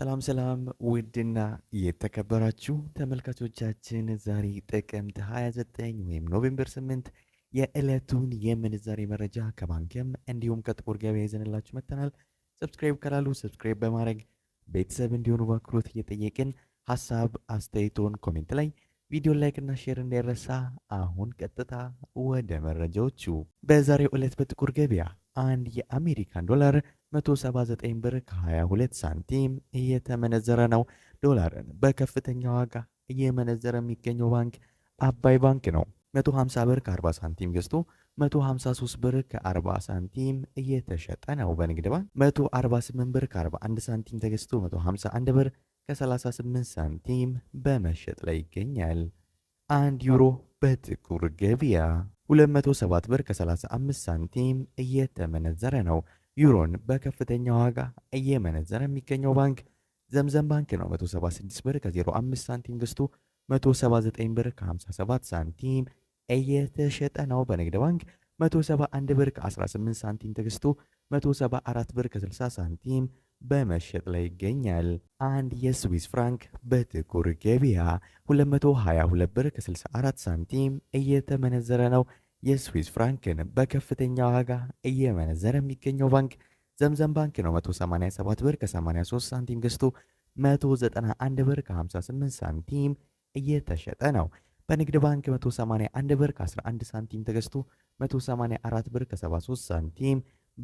ሰላም ሰላም ውድና የተከበራችሁ ተመልካቾቻችን ዛሬ ጥቅምት 29 ወይም ኖቬምበር 8 የዕለቱን የምንዛሬ መረጃ ከባንክም እንዲሁም ከጥቁር ገበያ ይዘንላችሁ መጥተናል። ሰብስክራይብ ካላሉ ሰብስክራይብ በማድረግ ቤተሰብ እንዲሆኑ በአክብሮት እየጠየቅን ሀሳብ አስተያየቶን ኮሜንት ላይ ቪዲዮ ላይክና ሼር እንዳይረሳ። አሁን ቀጥታ ወደ መረጃዎቹ። በዛሬው ዕለት በጥቁር ገበያ አንድ የአሜሪካን ዶላር 179 ብር ከ22 ሳንቲም እየተመነዘረ ነው። ዶላርን በከፍተኛ ዋጋ እየመነዘረ የሚገኘው ባንክ አባይ ባንክ ነው። 150 ብር ከ40 ሳንቲም ገዝቶ 153 ብር ከ40 ሳንቲም እየተሸጠ ነው። በንግድ ባንክ 148 ብር ከ41 ሳንቲም ተገዝቶ 151 ብር ከ38 ሳንቲም በመሸጥ ላይ ይገኛል። አንድ ዩሮ በጥቁር ገበያ 207 ብር ከ35 ሳንቲም እየተመነዘረ ነው። ዩሮን በከፍተኛ ዋጋ እየመነዘረ የሚገኘው ባንክ ዘምዘም ባንክ ነው። 176 ብር ከ05 ሳንቲም ገዝቶ 179 ብር ከ57 ሳንቲም እየተሸጠ ነው። በንግድ ባንክ 171 ብር ከ18 ሳንቲም ተገዝቶ 174 ብር ከ60 ሳንቲም በመሸጥ ላይ ይገኛል። አንድ የስዊስ ፍራንክ በጥቁር ገበያ 222 ብር ከ64 ሳንቲም እየተመነዘረ ነው። የስዊስ ፍራንክን በከፍተኛ ዋጋ እየመነዘረ የሚገኘው ባንክ ዘምዘም ባንክ ነው። 187 ብር ከ83 ሳንቲም ገዝቶ 191 ብር ከ58 ሳንቲም እየተሸጠ ነው። በንግድ ባንክ 181 ብር ከ11 ሳንቲም ተገዝቶ 184 ብር ከ73 ሳንቲም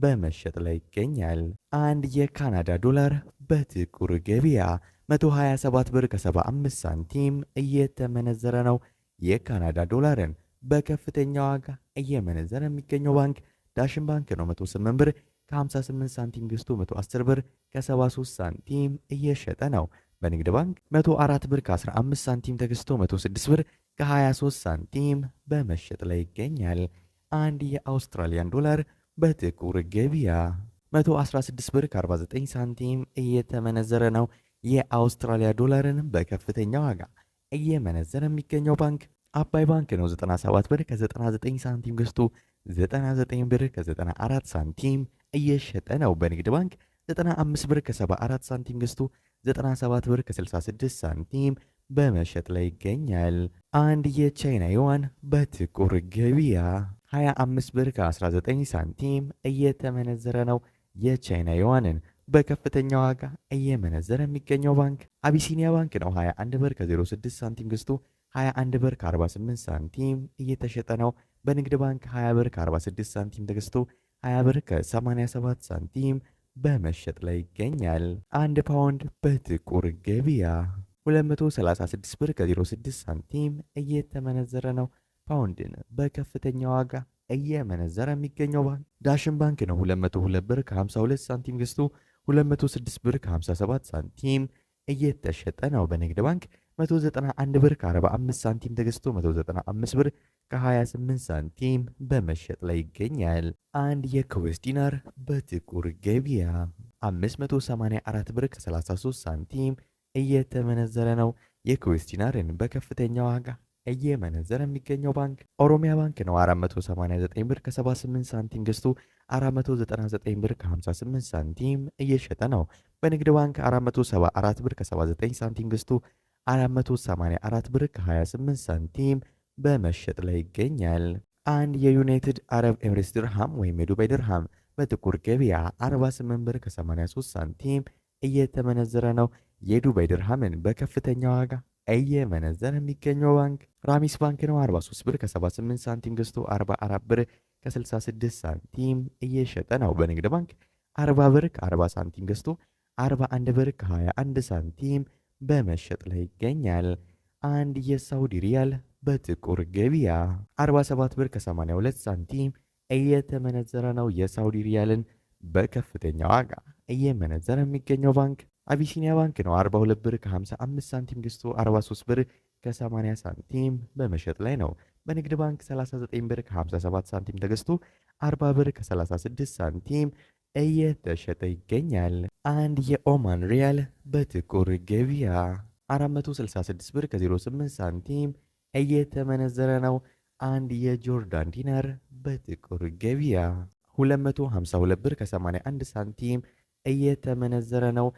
በመሸጥ ላይ ይገኛል። አንድ የካናዳ ዶላር በጥቁር ገበያ 127 ብር ከ75 ሳንቲም እየተመነዘረ ነው። የካናዳ ዶላርን በከፍተኛ ዋጋ እየመነዘረ የሚገኘው ባንክ ዳሽን ባንክ ነው። 108 ብር ከ58 ሳንቲም ገዝቶ 110 ብር ከ73 ሳንቲም እየሸጠ ነው። በንግድ ባንክ 104 ብር ከ15 ሳንቲም ተገዝቶ 106 ብር ከ23 ሳንቲም በመሸጥ ላይ ይገኛል። አንድ የአውስትራሊያን ዶላር በጥቁር ገበያ 116 ብር ከ49 ሳንቲም እየተመነዘረ ነው። የአውስትራሊያ ዶላርን በከፍተኛ ዋጋ እየመነዘረ የሚገኘው ባንክ አባይ ባንክ ነው 97 ብር ከ99 ሳንቲም ገዝቶ 99 ብር ከ94 ሳንቲም እየሸጠ ነው። በንግድ ባንክ 95 ብር ከ74 ሳንቲም ገዝቶ 97 ብር ከ66 ሳንቲም በመሸጥ ላይ ይገኛል። አንድ የቻይና ዩዋን በጥቁር ገበያ 25 ብር ከ19 ሳንቲም እየተመነዘረ ነው። የቻይና ዩዋንን በከፍተኛ ዋጋ እየመነዘረ የሚገኘው ባንክ አቢሲኒያ ባንክ ነው። 21 ብር ከ06 ሳንቲም ገዝቶ 21 ብር ከ48 ሳንቲም እየተሸጠ ነው። በንግድ ባንክ 20 ብር ከ46 ሳንቲም ተገዝቶ 20 ብር ከ87 ሳንቲም በመሸጥ ላይ ይገኛል። አንድ ፓውንድ በጥቁር ገበያ 236 ብር ከ06 ሳንቲም እየተመነዘረ ነው። ፓውንድን በከፍተኛ ዋጋ እየመነዘረ የሚገኘው ባንክ ዳሽን ባንክ ነው። 202 ብር ከ52 ሳንቲም ገዝቶ 206 ብር ከ57 ሳንቲም እየተሸጠ ነው። በንግድ ባንክ 191 ብር ከ45 ሳንቲም ተገዝቶ 195 ብር ከ28 ሳንቲም በመሸጥ ላይ ይገኛል። አንድ የኩዌስ ዲናር በጥቁር ገበያ 584 ብር ከ33 ሳንቲም እየተመነዘረ ነው። የኩዌስ ዲናርን በከፍተኛ ዋጋ እየመነዘረ የሚገኘው ባንክ ኦሮሚያ ባንክ ነው። 489 ብር ከ78 ሳንቲም ገዝቶ 499 ብር ከ58 ሳንቲም እየሸጠ ነው። በንግድ ባንክ 474 ብር ከ79 ሳንቲም ገዝቶ 484 ብር ከ28 ሳንቲም በመሸጥ ላይ ይገኛል። አንድ የዩናይትድ አረብ ኤምሬትስ ድርሃም ወይም የዱባይ ድርሃም በጥቁር ገበያ 48 ብር ከ83 ሳንቲም እየተመነዘረ ነው። የዱባይ ድርሃምን በከፍተኛ ዋጋ እየመነዘረ የሚገኘው ባንክ ራሚስ ባንክ ነው። 43 ብር ከ78 ሳንቲም ገዝቶ 44 ብር ከ66 ሳንቲም እየሸጠ ነው። በንግድ ባንክ 40 ብር ከ40 ሳንቲም ገዝቶ 41 ብር ከ21 ሳንቲም በመሸጥ ላይ ይገኛል። አንድ የሳውዲ ሪያል በጥቁር ገበያ 47 ብር ከ82 ሳንቲም እየተመነዘረ ነው። የሳውዲ ሪያልን በከፍተኛ ዋጋ እየመነዘረ የሚገኘው ባንክ አቢሲኒያ ባንክ ነው። 42 ብር ከ55 ሳንቲም ገዝቶ 43 ብር ከ80 ሳንቲም በመሸጥ ላይ ነው። በንግድ ባንክ 39 ብር ከ57 ሳንቲም ተገዝቶ 40 ብር ከ36 ሳንቲም እየተሸጠ ይገኛል። አንድ የኦማን ሪያል በጥቁር ገቢያ 466 ብር ከ08 ሳንቲም እየተመነዘረ ነው። አንድ የጆርዳን ዲናር በጥቁር ገቢያ 252 ብር ከ81 ሳንቲም እየተመነዘረ ነው።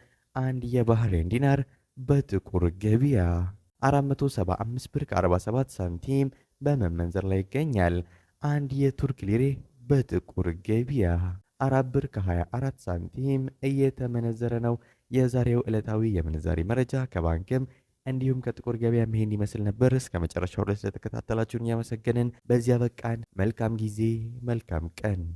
አንድ የባህሬን ዲናር በጥቁር ገቢያ 475 ብር ከ47 ሳንቲም በመመንዘር ላይ ይገኛል። አንድ የቱርክ ሊሬ በጥቁር ገቢያ አራት ብር ከ24 ሳንቲም እየተመነዘረ ነው። የዛሬው ዕለታዊ የምንዛሪ መረጃ ከባንክም እንዲሁም ከጥቁር ገበያ ይሄን ይመስል ነበር። እስከ መጨረሻው ድረስ ለተከታተላችሁን እያመሰገንን በዚያ በቃን። መልካም ጊዜ፣ መልካም ቀን